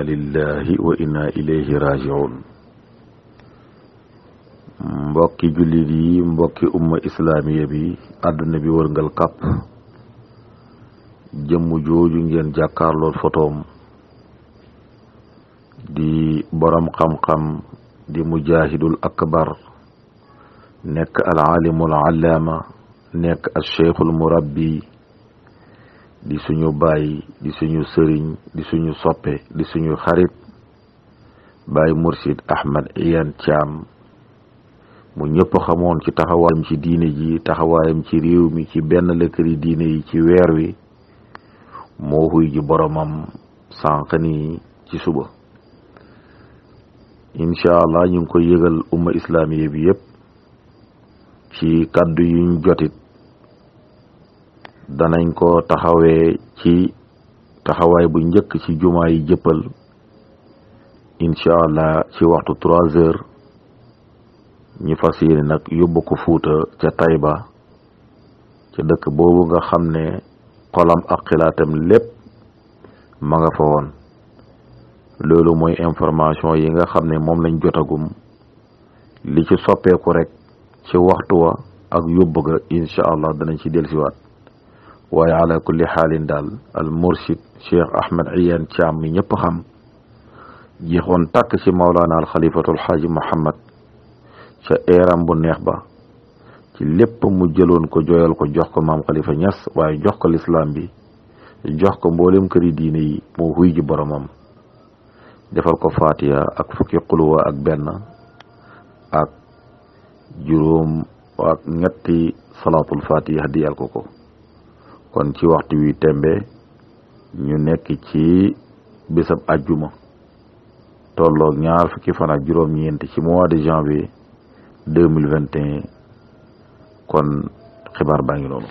inna lillahi wa inna ilayhi rajiun mbokki jullit yi mbokki umma islaamiya bi àdduna bi wërngal kàpp jooju ngeen jàkkaarlool fotoom di borom xam-xam di mujahidul akbar nekk al alimul allaama nekk al cheikhul murabbi di suñu baay di suñu sëriñ di suñu soppe di suñu xarit baay mursid ahmad iyan caam mu ñëpp xamoon ci taxawaayam ci diine ji taxawaayam ci réew mi ci benn lëkkëri diine yi ci weer wi moo xuy ji boromam sànq nii ci suba incha allah ñu ngi ko yëgal umma islaamiya bi yëpp ci kàddu yuñ jotit danañ ko taxawee ci taxawaay bu njëkk ci jumaa yi jëppal incha allah ci waxtu trois heures ñu fa yéene nag yóbbu ko fuuta ca ba ca dëkk boobu nga xam ne xolam ak xilaatam lépp ma nga fa woon loolu mooy information yi nga xam ne moom lañ jotagum li ci soppeeku rek ci waxtu wa ak yóbbu ga incha allah danañ ci dellusiwaat waaye ala kulli xaalin daal al mursid cheikh ahmed Iyane Thiam mi ñëpp xam jeexoon tàkk ci mawlaana al xalifatul xaaji Muhammad ca eeram bu neex ba ci lépp mu jëloon ko jooyal ko jox ko maam xalifa Niass waaye jox ko lislaam bi jox ko mboolem këri diine yi moo wuy ji boromam defal ko fatiha ak fukki xuluwa ak benn ak juróom ak ñetti salaatul fatiha diyal ko ko kon ci waxtu wi tembe ñu nekk ci bésab ajjuma tolloog ñaar fukki fana juróom-ñeent ci mois de janvier deux mille kon xibaar baa ngi noonu